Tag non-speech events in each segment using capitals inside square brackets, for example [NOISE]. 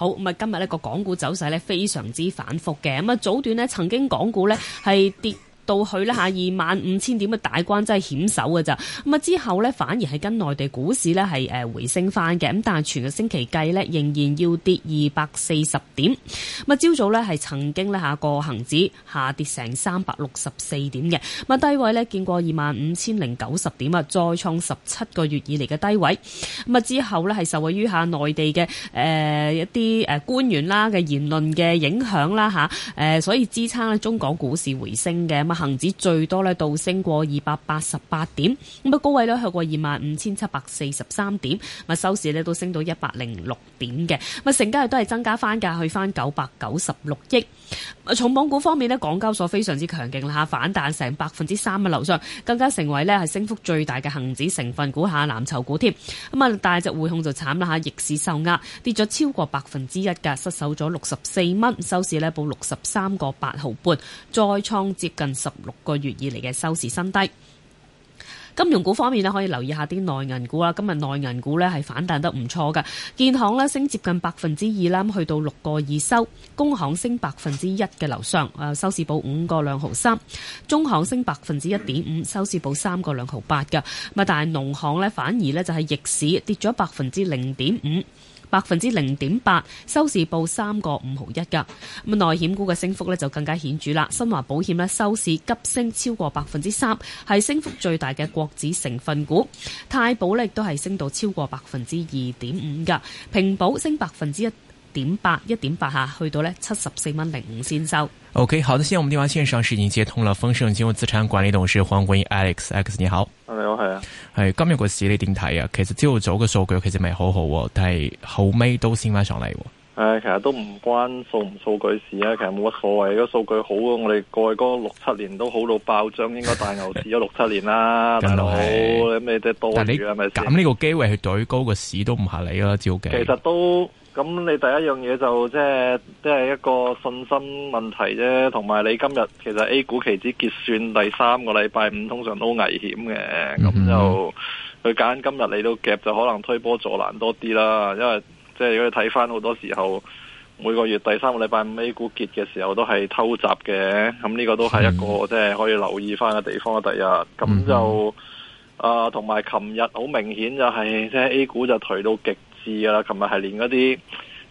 好，咁啊，今日呢個港股走勢呢非常之反覆嘅，咁啊，早段呢曾經港股呢係跌。到去呢吓二萬五千點嘅大關真係險守嘅咋。咁啊！之後呢，反而係跟內地股市呢係回升翻嘅，咁，但係全個星期計呢，仍然要跌二百四十點。咁啊，朝早呢，係曾經呢下個恆指下跌成三百六十四點嘅。咁啊，低位呢，見過二萬五千零九十點啊，再創十七個月以嚟嘅低位。咁啊，之後呢，係受惠於下內地嘅、呃、一啲官員啦嘅言論嘅影響啦吓，所以支撐中港股市回升嘅恆指最多咧到升過二百八十八點，咁嘅高位咧去過二萬五千七百四十三點，啊收市咧都升到一百零六點嘅，咁啊成交亦都係增加翻噶，去翻九百九十六億。啊，重磅股方面咧，港交所非常之強勁啦吓，反彈成百分之三嘅樓上，更加成為咧係升幅最大嘅恒指成分股下藍籌股添。咁啊大隻匯控就慘啦吓，逆市受壓跌咗超過百分之一噶，失守咗六十四蚊，收市呢報六十三個八毫半，再創接近。十六個月以嚟嘅收市新低。金融股方面咧，可以留意啲內銀股啦。今日內銀股呢係反彈得唔錯噶，建行呢升接近百分之二啦，去到六個二收，工行升百分之一嘅樓上，誒收市報五個兩毫三，中行升百分之一點五，收市報三個兩毫八噶。咁啊，但係農行呢反而呢就係逆市跌咗百分之零點五，百分之零點八，收市報三個五毫一噶。咁內險股嘅升幅咧就更加顯著啦。新華保險咧收市急升超過百分之三，係升幅最大嘅國指成分股。太保咧亦都係升到超過百分之二點五噶。平保升百分之一點八，一點八下去到咧七十四蚊零五先收。O、okay, K，好的，現在我們電話線上是已經接通了豐盛金融資產管理董事黃國英 Alex，Alex 你好，係啊係啊，誒，今日個市你點睇啊，其實朝早嘅數據其實未好好，但係後尾都升翻上嚟，誒、哎，其實都唔關數唔數據事啊，其實冇乜所謂，如果數據好嘅，我哋過去嗰六七年都好到爆漲，應該大牛市咗六七年啦， [LAUGHS] 大佬哥，咁 [LAUGHS] 你即係多住啊，咪咁呢個機會去對高個市 [LAUGHS] 都唔合理啦，照計，其實都。咁你第一樣嘢就即係即係一個信心問題啫，同埋你今日其實 A 股期指結算第三個禮拜五通常都危險嘅，咁、mm-hmm. 就佢揀今日嚟到夾就可能推波助瀾多啲啦，因為即係、就是、如果你睇翻好多時候每個月第三個禮拜五 A 股結嘅時候都係偷襲嘅，咁呢個都係一個即係、mm-hmm. 可以留意翻嘅地方、mm-hmm. 啊。第日咁就啊、是，同埋琴日好明顯就係即係 A 股就頹到極。是噶啦，琴日係連嗰啲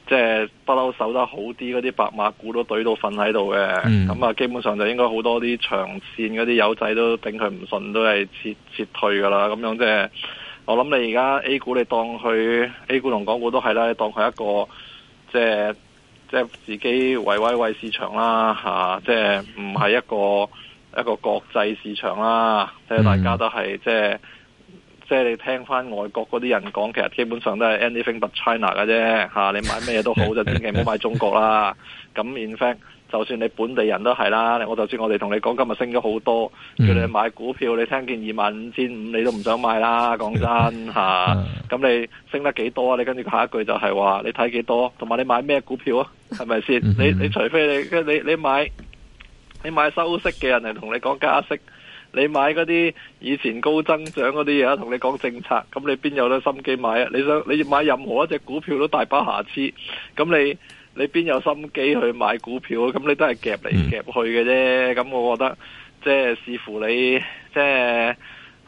即係不嬲守得好啲嗰啲白馬股都懟到瞓喺度嘅，咁、嗯、啊基本上就應該好多啲長線嗰啲友仔都頂佢唔順，都係撤撤退噶啦。咁樣即、就、係、是、我諗你而家 A 股你當佢、啊、A 股同港股都係啦，你當佢一個即係即係自己圍威喂市場啦吓，即係唔係一個一個國際市場啦，即、啊、係、就是嗯就是、大家都係即係。嗯即係你聽翻外國嗰啲人講，其實基本上都係 anything but China 嘅啫吓，你買咩嘢都好就千祈唔好買中國啦。咁 [LAUGHS] in fact，就算你本地人都係啦。我就算我哋同你講今日升咗好多，叫你買股票，你聽見二萬五千五，你都唔想買啦。講真吓，咁、啊、 [LAUGHS] 你升得幾多啊？你跟住下一句就係話你睇幾多，同埋你買咩股票啊？係咪先？ [LAUGHS] 你你除非你你你買你買收息嘅人嚟同你講加息。你買嗰啲以前高增長嗰啲嘢，同你講政策，咁你邊有得心機買啊？你想你買任何一隻股票都大把瑕疵，咁你你邊有心機去買股票啊？咁你都係夾嚟夾去嘅啫。咁我覺得即係、就是、視乎你，即係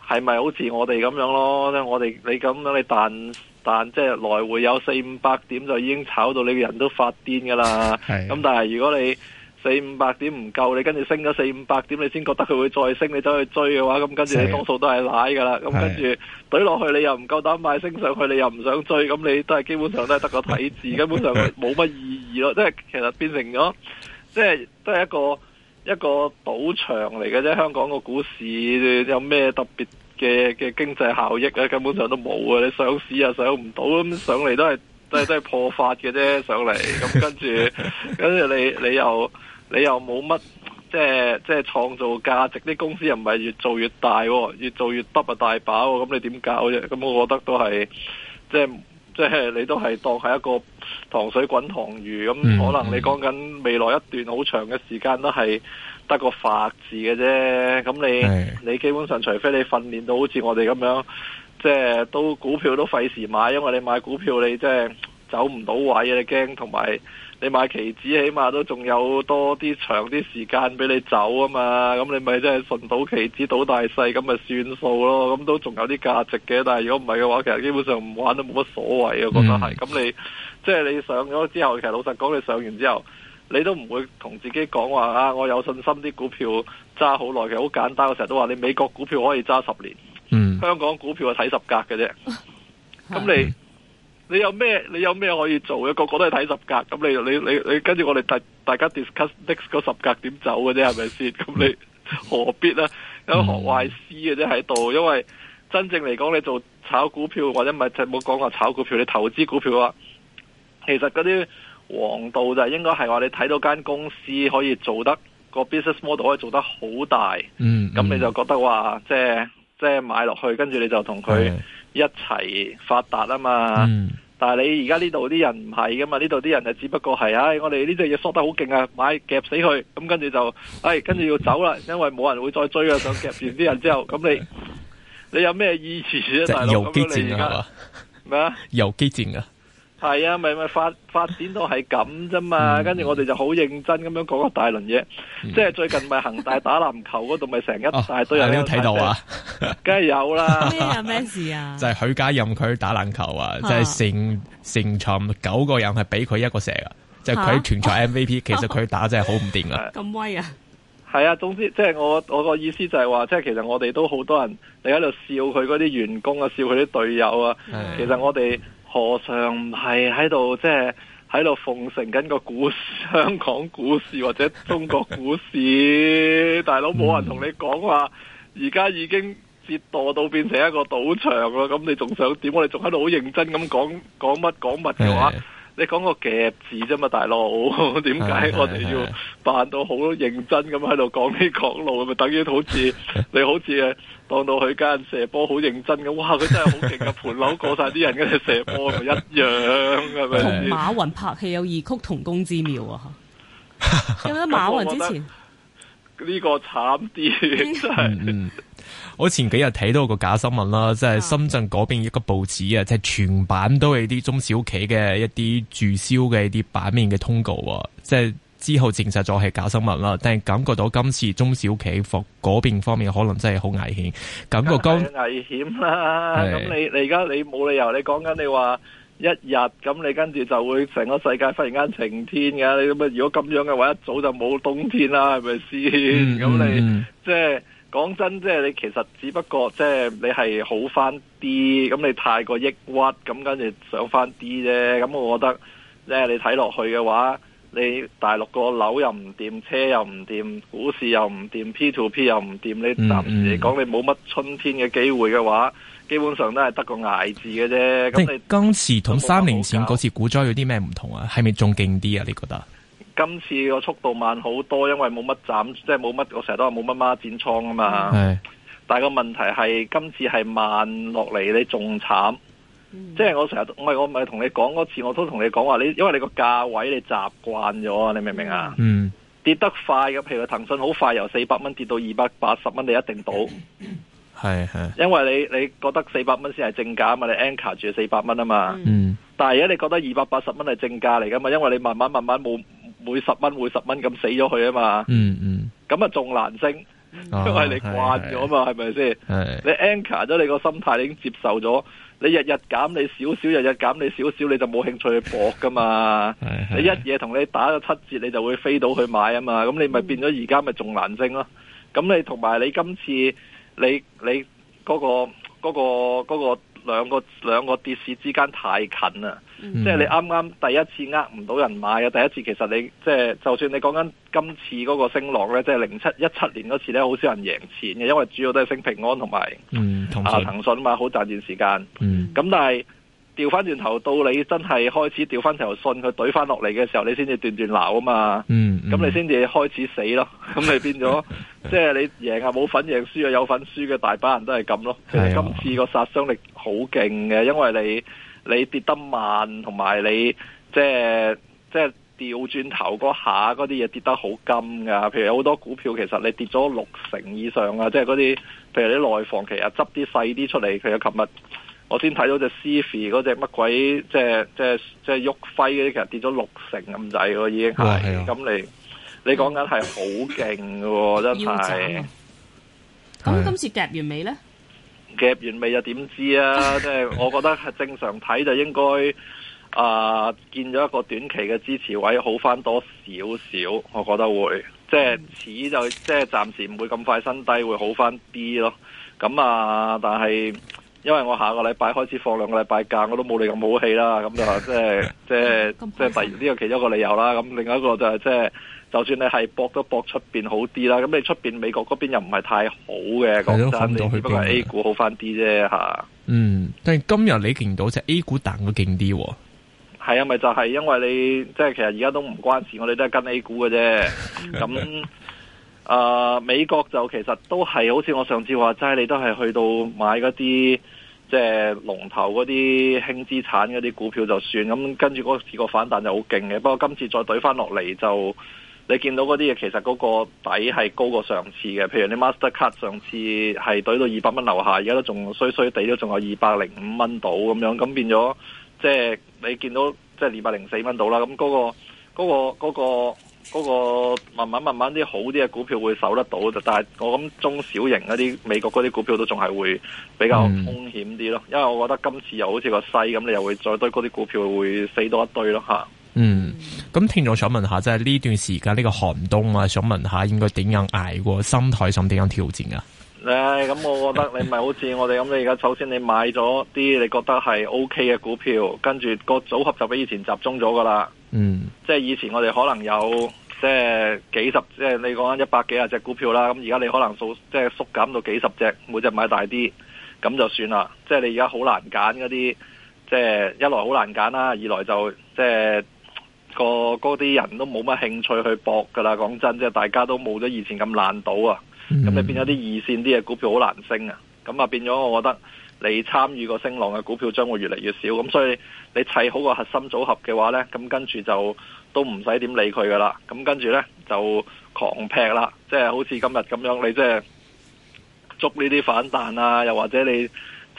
係咪好似我哋咁樣咯？我哋你咁樣你彈彈即係來回有四五百點就已經炒到你個人都發癲㗎喇。咁但係如果你，四五百點唔夠，你跟住升咗四五百點，你先覺得佢會再升，你走去追嘅話，咁跟住你多數都係瀨㗎啦。咁跟住，懟落去你又唔夠膽買，升上去，你又唔想追，咁你都係基本上都係得個睇字，根 [LAUGHS] 本上冇乜意義咯。即係其實變成咗，即係都係一個一個賭場嚟嘅啫。香港個股市有咩特別嘅嘅經濟效益啊？根本上都冇啊！你上市啊，上唔到咁上嚟都係。即 [LAUGHS] 係都係破發嘅啫，上嚟咁跟住，跟住你你又你又冇乜，即係即係創造價值。啲公司又唔係越做越大，越做越得啊大把，咁你點搞啫？咁我覺得都係，即係即係你都係當係一個糖水滾糖魚咁、嗯、可能你講緊未來一段好長嘅時間都係得個發字嘅啫。咁你你基本上除非你訓練到好似我哋咁樣。即係都股票都費事買，因為你買股票你真係走唔到位啊，你驚同埋你買期指起碼都仲有多啲長啲時間俾你走啊嘛，咁你咪即係順到期指賭大細咁咪算數咯，咁都仲有啲價值嘅。但係如果唔係嘅話，其實基本上唔玩都冇乜所謂啊，嗯、我覺得係咁你即係你上咗之後，其實老實講你上完之後，你都唔會同自己講話啊，我有信心啲股票揸好耐嘅，其實好簡單。我成日都話你美國股票可以揸十年。香港股票係睇十格嘅啫，咁你你有咩你有咩可以做嘅？個個都係睇十格，咁你你你你跟住我哋大大家 discuss next 嗰十格點走嘅啫，係咪先？咁你、嗯、何必呢？有學壞師嘅啫喺度，因為真正嚟講，你做炒股票或者唔係冇講話炒股票，你投資股票啊，其實嗰啲王道就是、應應該係話你睇到間公司可以做得、個 business model 可以做得好大，咁、嗯、你就覺得話即係。就是即係買落去，跟住你就同佢一齊發達啊嘛！但係你而家呢度啲人唔係噶嘛？呢度啲人就只不過係唉、哎，我哋呢隻嘢縮得好勁啊，買夾死佢，咁跟住就唉，跟、哎、住要走啦，因為冇人會再追啊！想夾完啲人之後，咁你你有咩意義啊，大、就、佬、是？咁你而家咩啊？游擊戰啊！係啊，咪咪發發展到係咁啫嘛，跟、嗯、住我哋就好認真咁樣講個大輪嘢、嗯，即係最近咪恒大打籃球嗰度咪成一大堆人都睇到啊，梗係有啦。咩啊？咩事啊？就係、是、許家印佢打籃球啊，即係成成場九個人係俾佢一個射啊。就係、是、佢全場 M V P、啊。其實佢打真係好唔掂啊。咁威啊！係啊，啊，總之即係我我個意思就係話，即係其實我哋都好多人你喺度笑佢嗰啲員工啊，笑佢啲隊友啊，啊，其實我哋。何嘗唔係喺度？即係喺度奉承緊個股市，香港股市或者中國股市， [LAUGHS] 大佬冇人同你講話，而家已經折墮到變成一個賭場啦！咁你仲想點？我哋仲喺度好認真咁講講乜講乜嘅話？ [LAUGHS] [LAUGHS] 你講個夾字啫嘛，大佬，點解我哋要扮到好認真咁喺度講呢講路，咪 [LAUGHS] 等於好似 [LAUGHS] 你好似當到佢間射波好認真咁，哇！佢真係好勁㗎！盤 [LAUGHS] 樓過晒啲人嗰隻射波一樣，咪 [LAUGHS] 同馬雲拍戲有異曲同工之妙啊！有 [LAUGHS] 冇馬雲之前呢個慘啲、 [LAUGHS] 嗯、真係。嗯我前幾日睇到個假新聞啦，即係深圳嗰邊一個報紙啊，即係全版都係啲中小企嘅一啲注銷嘅一啲版面嘅通告，即係之後證實咗係假新聞啦。但係感覺到今次中小企服嗰邊方面可能真係好危險，感覺高危險啦。咁你你而家你冇理由，你講緊你話一日咁，你跟住就會成個世界忽然間晴天㗎。你咁如果咁樣嘅話，一早就冇冬天啦，係咪先？咁、嗯嗯、你即係。即係講真，即係你其實只不過即係你係好翻啲，咁你太過抑鬱，咁跟住上翻啲啫。咁我覺得咧，你睇落去嘅話，你大陸個樓又唔掂，車又唔掂，股市又唔掂，P2P 又唔掂，你暫時講你冇乜春天嘅機會嘅話，基本上都係得個挨字嘅啫。咁、嗯、你今次同三年前嗰次股災有啲咩唔同啊？係咪仲勁啲啊？你覺得？今次個速度慢好多，因為冇乜斬，即係冇乜我成日都話冇乜孖展倉啊嘛。是但係個問題係今次係慢落嚟，你仲慘、嗯。即係我成日唔係我唔係同你講嗰次，我都同你講話，你因為你個價位你習慣咗啊，你明唔明啊？跌得快嘅，譬如騰訊好快由四百蚊跌到二百八十蚊，你一定到。係、嗯、係，因為你你覺得四百蚊先係正價嘛，你 anchor 住四百蚊啊嘛。嗯、但係而家你覺得二百八十蚊係正價嚟噶嘛？因為你慢慢慢慢冇。每十蚊每十蚊咁死咗佢啊嘛，嗯嗯，咁啊仲難升，哦，因為你慣咗嘛，係咪先？係你 anchor 咗你個心態，你已經接受咗，你日日減你少少，日日減你少少，你就冇興趣去搏噶嘛。你一嘢同你打咗七折，你就會飛到去買啊嘛。咁你咪變咗而家咪仲難升咯。咁，嗯，你同埋你今次你你嗰個嗰個嗰個兩個兩個跌市之間太近啦。嗯、即係你啱啱第一次呃唔到人買嘅第一次其實你即係、就是、就算你講緊今次嗰個升浪呢，即係零七一七年嗰次呢，好少人贏錢嘅，因為主要都係升平安同埋、嗯、啊騰訊嘛，好賺段時間。咁、嗯、但係調翻轉頭到你真係開始調翻頭信佢懟翻落嚟嘅時候，你先至斷斷流啊嘛。咁、嗯嗯、你先至開始死咯。咁你變咗即係你贏啊冇份贏輸，輸啊有份輸嘅大把人都係咁咯。哦、其實今次個殺傷力好勁嘅，因為你。你跌得慢，同埋你即係即係調轉頭嗰下，嗰啲嘢跌得好金噶。譬如好多股票，其實你跌咗六成以上啊，即係嗰啲譬如你內房，其實執啲細啲出嚟。其實琴日我先睇到隻 CIFI 嗰隻乜鬼，即係即係即係旭輝嗰啲，其實跌咗六成咁滯已經係。咁你你講緊係好勁喎。真係。咁今、啊、次夾完未咧？夾完未又點知啊？即係我覺得正常睇就應該啊、呃，見咗一個短期嘅支持位好翻多少少，我覺得會即係似，就即係暫時唔會咁快新低，會好翻啲咯。咁啊，但係。因為我下個禮拜開始放兩個禮拜假，我都冇你咁好氣啦，咁啊、就是，即係即係即係突呢個其中一個理由啦。咁另外一個就係即係，就算你係搏都搏出邊好啲啦，咁你出邊美國嗰邊又唔係太好嘅，講真，去只不過 A 股好翻啲啫吓。嗯，但係今日你見到即、就是、A 股彈得勁啲，係啊，咪就係、是、因為你即係、就是、其實而家都唔關事，我哋都係跟 A 股嘅啫，咁 [LAUGHS] 那。 [LAUGHS] 啊、呃，美國就其實都係好似我上次話齋，你都係去到買嗰啲即係龍頭嗰啲輕資產嗰啲股票就算，咁跟住嗰次個反彈就好勁嘅。不過今次再懟翻落嚟就，你見到嗰啲嘢，其實嗰個底係高過上次嘅。譬如你 Mastercard 上次係懟到二百蚊樓下，而家都仲衰衰地都仲有二百零五蚊到咁樣，咁變咗即係你見到即係二百零四蚊到啦。咁嗰個個個。嗰個嗰個嗰個嗰、那個慢慢慢慢啲好啲嘅股票會守得到嘅，但係我諗中小型嗰啲美國嗰啲股票都仲係會比較風險啲咯，因為我覺得今次又好似個西咁，你又會再堆嗰啲股票會死多一堆咯吓。嗯，咁聽咗想問下即係呢段時間呢、這個寒冬啊，想問下應該點樣挨過，心態上點樣挑戰啊？誒、 [LAUGHS] 哎，咁我覺得你咪好似我哋咁，你而家首先你買咗啲你覺得係 O K 嘅股票，跟住個組合就比以前集中咗噶啦。嗯，即係以前我哋可能有即係幾十，即係你講一百幾十隻股票啦，咁而家你可能縮即係縮減到幾十隻，每隻買大啲，咁就算啦。即係你而家好難揀嗰啲，即係一來好難揀啦，二來就即係個嗰啲人都冇乜興趣去搏噶啦。講真，即係大家都冇咗以前咁爛賭啊。咁你變咗啲二線啲嘅股票好難升啊！咁啊變咗，我覺得你參與個升浪嘅股票將會越嚟越少。咁所以你砌好個核心組合嘅話呢，咁跟住就都唔使點理佢噶啦。咁跟住呢就狂劈啦，即係好似今日咁樣，你即係捉呢啲反彈啊，又或者你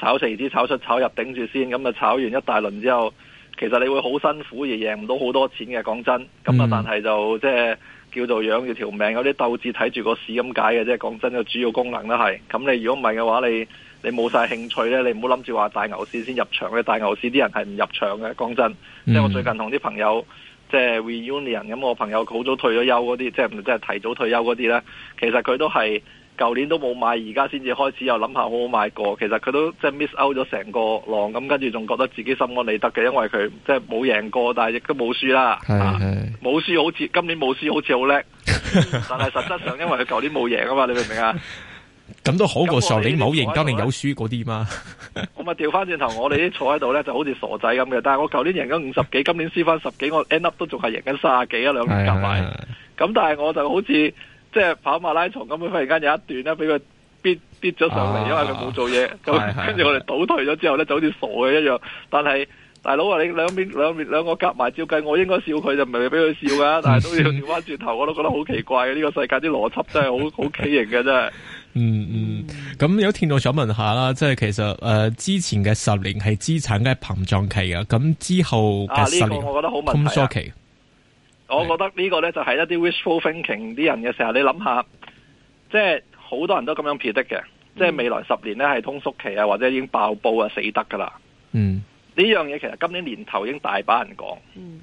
炒奇支炒出炒入頂住先，咁啊炒完一大輪之後，其實你會好辛苦而贏唔到好多錢嘅。講真，咁啊但係就即係。就是叫做養住條命，有啲鬥志睇住個市咁解嘅，即係講真個主要功能咧係。咁你如果唔係嘅話，你你冇晒興趣咧，你唔好諗住話大牛市先入場嘅。大牛市啲人係唔入場嘅，講真，嗯。即係我最近同啲朋友即係 reunion，咁我朋友好早退咗休嗰啲，即係即係提早退休嗰啲咧，其實佢都係。舊年都冇買，而家先至開始又諗下好好買過。其實佢都即係 miss out 咗成個浪，咁跟住仲覺得自己心安理得嘅，因為佢即係冇贏過，但係亦都冇輸啦。啊，冇輸好似今年冇輸好似好叻， [LAUGHS] 但係實質上因為佢舊年冇贏啊嘛，你明唔明啊？咁 [LAUGHS] 都好過，上年， [LAUGHS] 過好傻，你冇贏，今年有輸嗰啲嘛？我咪調翻轉頭，我哋啲坐喺度咧就好似傻仔咁嘅。但係我舊年贏緊五十幾，今年輸翻十幾，我 end up 都仲係贏緊卅幾啊，兩年夾埋。咁但係我就好似。即係跑馬拉松咁，佢忽然間有一段咧，俾佢跌跌咗上嚟、啊啊啊啊，因為佢冇做嘢。咁跟住我哋倒退咗之後咧，就好似傻嘅一樣。但係大佬，話你兩邊兩邊兩個夾埋照計，我應該笑佢，就唔係俾佢笑噶。但係都要調翻轉頭，我都覺得好奇怪嘅呢、這個世界啲邏輯真係好好畸形嘅真係。嗯嗯，咁有聽眾想問下啦，即係其實誒、呃、之前嘅十年係資產嘅膨脹期㗎。咁之後嘅十年。呢、啊這個、我覺得好問題、啊我覺得呢個呢，就係一啲 wishful thinking 啲人嘅時候，你諗下，即係好多人都咁樣撇的嘅、嗯，即係未來十年呢，係通縮期啊，或者已經爆煲啊，死得噶啦。嗯，呢樣嘢其實今年年頭已經大把人講。嗯，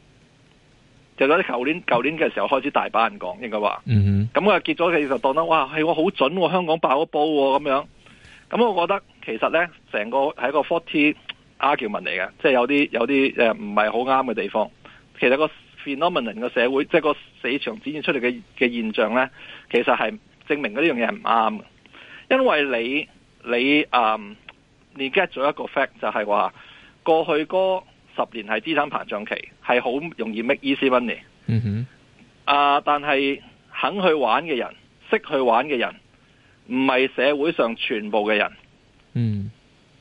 就喺啲舊年舊年嘅時候開始大把人講應該話。嗯哼，咁啊結咗其實當得哇係、哎、我好準、啊，香港爆煲咁、啊、樣。咁我覺得其實呢，成個係一個 forty e n 文嚟嘅，即、就、係、是、有啲有啲唔係好啱嘅地方。其實、那個 Phenomenon 嘅社會，即係個市場展現出嚟嘅嘅現象呢，其實係證明嗰啲樣嘢係唔啱，因為你你嗯你、um, get 咗一個 fact 就係話過去嗰十年係資產膨脹期，係好容易 make easy money、mm-hmm. 呃。但係肯去玩嘅人，識去玩嘅人，唔係社會上全部嘅人，嗯、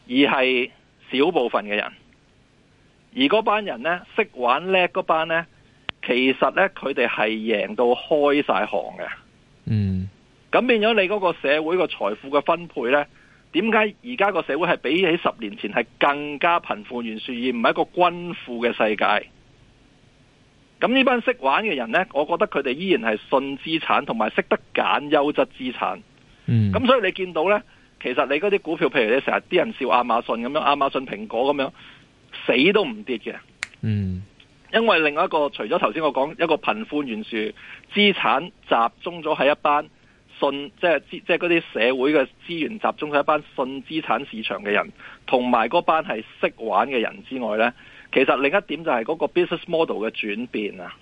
mm-hmm.，而係少部分嘅人，而嗰班人呢，識玩叻嗰班呢。其實呢，佢哋係贏到開晒行嘅。嗯，咁變咗你嗰個社會個財富嘅分配呢？點解而家個社會係比起十年前係更加貧富懸殊而唔係一個均富嘅世界？咁呢班識玩嘅人呢，我覺得佢哋依然係信資產，同埋識得揀優質資產。嗯，咁所以你見到呢，其實你嗰啲股票，譬如你成日啲人笑亞馬遜咁樣，亞馬遜、蘋果咁樣，死都唔跌嘅。嗯。因為另外一個除咗頭先我講一個貧富懸殊、資產集中咗喺一班信，即係即係嗰啲社會嘅資源集中喺一班信資產市場嘅人，同埋嗰班係識玩嘅人之外呢，其實另一點就係嗰個 business model 嘅轉變啊、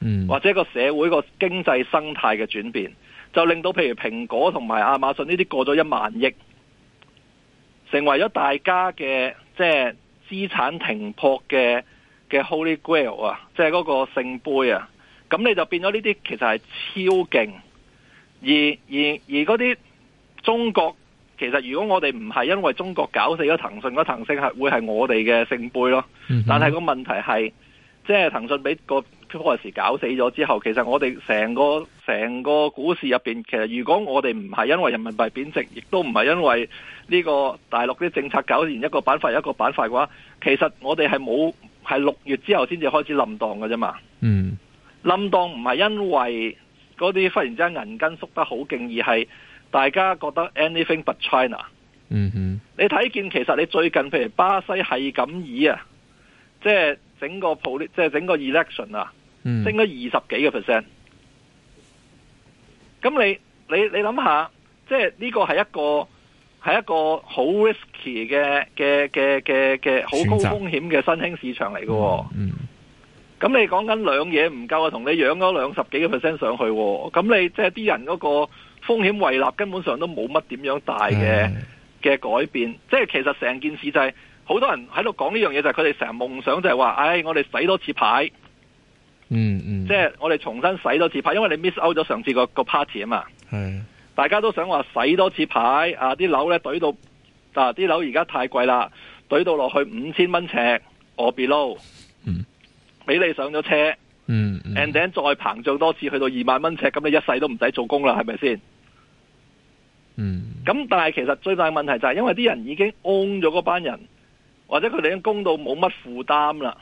嗯，或者個社會個經濟生態嘅轉變，就令到譬如蘋果同埋亞馬遜呢啲過咗一萬億，成為咗大家嘅即係資產停泊嘅。嘅 Holy Grail 啊，即係嗰個聖杯啊，咁你就變咗呢啲其實係超勁，而而而嗰啲中國其實如果我哋唔係因為中國搞死咗騰訊嗰騰訊係會係我哋嘅聖杯咯，mm-hmm. 但係個問題係即係騰訊俾個 policy 搞死咗之後，其實我哋成個成個股市入邊，其實如果我哋唔係因為人民幣貶值，亦都唔係因為呢個大陸啲政策搞完一個板塊一個板塊嘅話，其實我哋係冇。係六月之後先至開始冧檔㗎啫嘛。嗯，冧檔唔係因為嗰啲忽然之間銀根縮得好勁，而係大家覺得 anything but China，嗯哼，你睇見其實你最近譬如巴西係咁以啊，即係整個 po-，即係整個 election 啊，升咗二十幾個 percent，咁你你你諗下，即係呢個係一個。係一個好 risky 嘅嘅嘅嘅嘅好高風險嘅新興市場嚟嘅。哦，嗯，咁、嗯、你講緊兩嘢唔夠啊，同你養咗兩十幾個 percent 上去。哦，咁你即係啲人嗰個風險維納根本上都冇乜點樣大嘅嘅、哎、改變，即、就、係、是、其實成件事就係、是、好多人喺度講呢樣嘢，就係佢哋成日夢想就係話，唉、哎，我哋洗多次牌，嗯嗯，即、就、係、是、我哋重新洗多次牌，因為你 miss out 咗上次個個 party 啊嘛，係、哎。大家都想話洗多次牌，啊啲樓咧懟到，啊啲樓而家太貴啦，懟到落去五千蚊尺，or below，嗯，俾你上咗車，嗯，and then 再膨脹多次去到二萬蚊尺，咁你一世都唔使做工啦，係咪先？嗯，咁但係其實最大問題就係、係、因為啲人已經 own 咗嗰班人，或者佢哋已經供到冇乜負擔啦，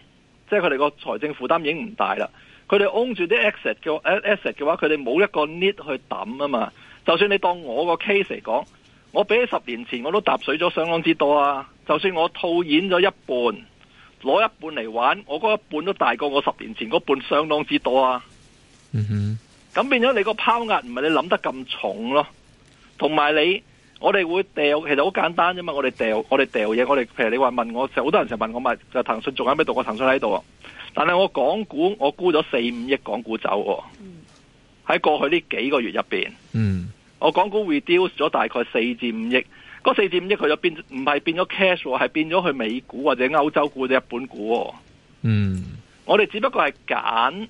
即係佢哋個財政負擔已經唔大啦，佢哋 own 住啲 asset 嘅，誒 asset 嘅話，佢哋冇一個 need 去抌啊嘛。就算你當我個 case 嚟講，我比起十年前我都踏水咗相當之多啊！就算我套現咗一半，攞一半嚟玩，我嗰一半都大過我十年前嗰半相當之多啊！哼，咁變咗你個拋壓唔係你諗得咁重咯，同埋你，我哋會掉，其實好簡單啫嘛！我哋掉，我哋掉嘢，我哋譬如你話問我，成好多人成日問我咪就騰訊仲喺咩度？我騰訊喺度啊！但係我港股我沽咗四五億港股走喎、啊，喺過去呢幾個月入邊，嗯、mm-hmm.。我港股 reduce 咗大概四至五億，嗰四至五億佢就變唔係變咗 cash，係變咗去美股或者歐洲股，或者日本股，哦。嗯、mm.，我哋只不過係揀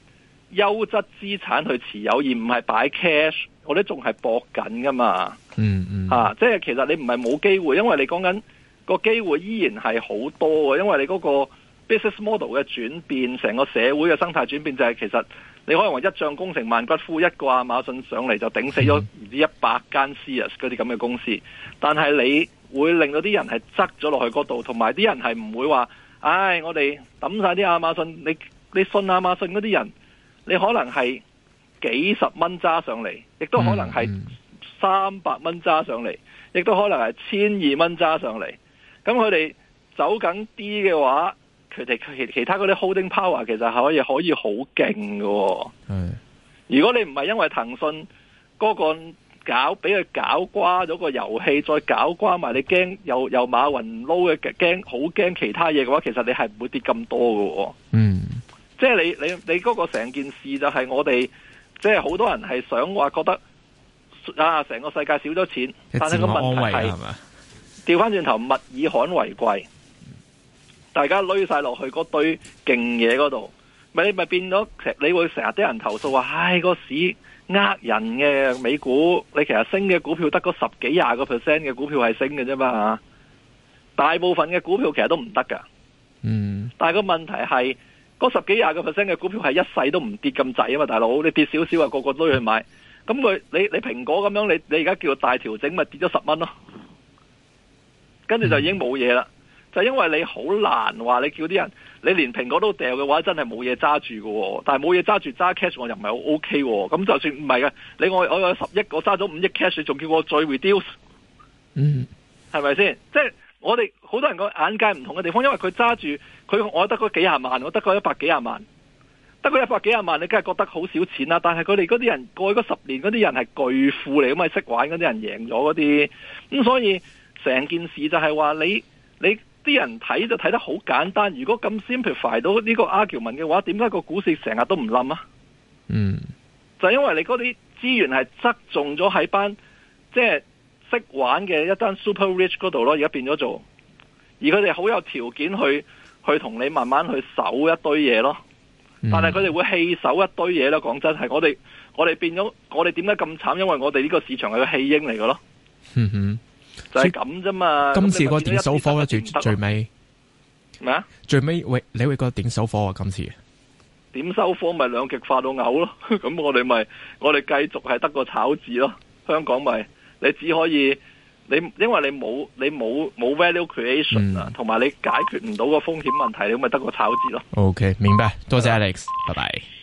優質資產去持有，而唔係擺 cash。我哋仲係搏緊噶嘛？嗯、mm-hmm. 嗯、啊，即係其實你唔係冇機會，因為你講緊，個機會依然係好多嘅，因為你嗰個 business model 嘅轉變，成個社會嘅生態轉變就係其實。你可能話一仗功成萬骨枯，一個亞馬遜上嚟就頂死咗唔止一百間 SaaS 嗰啲咁嘅公司。嗯、但係你會令到啲人係執咗落去嗰度，同埋啲人係唔會話，唉、哎，我哋抌晒啲亞馬遜，你你信亞馬遜嗰啲人，你可能係幾十蚊揸上嚟，亦都可能係三百蚊揸上嚟，亦都可能係千二蚊揸上嚟。咁佢哋走緊啲嘅話。佢哋其其，其他嗰啲 holding power 其實係可以可以好勁嘅。嗯，如果你唔係因為騰訊嗰個搞，俾佢搞瓜咗個遊戲再搞瓜埋你，驚又又馬雲撈嘅，驚好驚其他嘢嘅話，其實你係唔會跌咁多嘅，哦嗯。嗯，即係你你你嗰個成件事就係我哋，即係好多人係想話覺得啊，成個世界少咗錢，但係個問題係嘛？調翻轉頭，物以罕為貴。大家攞晒落去嗰堆勁嘢嗰度，咪咪變咗其實你會成日啲人投訴話，唉、哎，個市呃人嘅美股，你其實升嘅股票得嗰十幾廿個 percent 嘅股票係升嘅啫嘛，大部分嘅股票其實都唔得噶。嗯，但係個問題係嗰十幾廿個 percent 嘅股票係一世都唔跌咁滯啊嘛，大佬你跌少少啊，個個都去買，咁佢你你蘋果咁樣，你你而家叫做大調整，咪跌咗十蚊咯，跟住就已經冇嘢啦。嗯就因為你好難話你叫啲人，你連蘋果都掉嘅話，真係冇嘢揸住㗎喎。但係冇嘢揸住揸 cash，我又唔係好 OK 喎。咁就算唔係嘅，你我我有十億，我揸咗五億 cash，仲叫我最 reduce？嗯，係咪先？即係我哋好多人個眼界唔同嘅地方，因為佢揸住佢，我得嗰幾廿萬，我得嗰一百幾廿萬，得嗰一百幾廿萬，你梗係覺得好少錢啦。但係佢哋嗰啲人過去嗰十年，嗰啲人係巨富嚟，咁咪識玩嗰啲人贏咗嗰啲。咁所以成件事就係話你你。你啲人睇就睇得好簡單，如果咁 simplify 到呢個阿喬文嘅話，點解個股市成日都唔冧啊？嗯、mm.，就因為你嗰啲資源係側重咗喺班即係識玩嘅一單 super rich 嗰度咯，而家變咗做，而佢哋好有條件去去同你慢慢去守一堆嘢咯。Mm. 但係佢哋會棄守一堆嘢咯。講真係，我哋我哋變咗，我哋點解咁慘？因為我哋呢個市場係個棄嬰嚟嘅咯。哼哼。所以咁啫嘛，今次個點收貨咧，最最尾咩啊？最尾喂，你會覺得點收貨啊？今次點收貨咪兩極化到嘔咯，咁我哋咪我哋繼續係得個炒字咯。香港咪、就是、你只可以你，因為你冇你冇冇 value creation，嗯、啊，同埋你解決唔到個風險問題，你咪得個炒字咯。OK，明白，多謝 Alex，拜拜。Bye bye。